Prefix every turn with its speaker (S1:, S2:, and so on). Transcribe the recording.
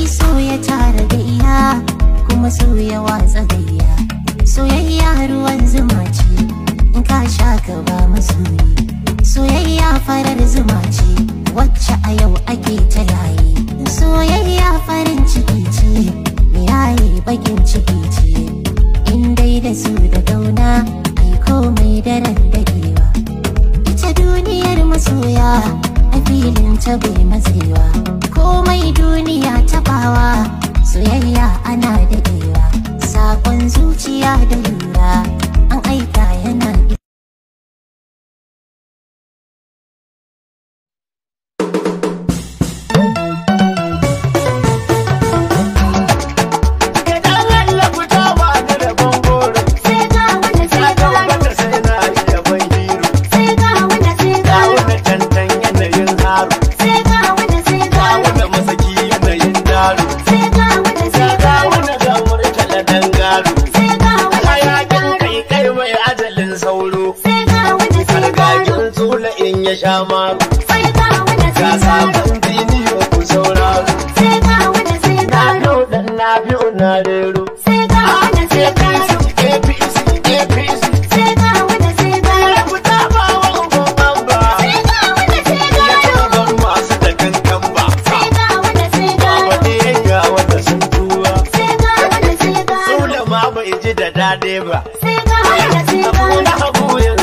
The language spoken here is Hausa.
S1: Wai so ya tara gayya kuma so ya watsa gayya Soyayya ruwan zuma ce in ka sha ka ba masoyi Soyayya farar zuma ce wacce a yau ake ta yayi Soyayya farin ciki ce yayi bakin ciki ce In dai da su da gauna ai komai daren dagewa Ita duniyar masoya a filin ta bai ana daɗewa sakon zuciya da lura
S2: ya sha maru. Sai ga wanda sai ka sabon ba ku sauraro. Sai ga wanda sai ga Na ɗau ɗan na biyu na rero. Sai ga wanda sai APC APC. Sai ga wanda sai ba wa bamba. Sai ga wanda sai Ya masu da kankan ba. Sai ga wanda sai Ba wanda sun tuwa. Sai ga wanda sai Sula ma bai ji da daɗi ba. Sai ga wanda sai ka na Abu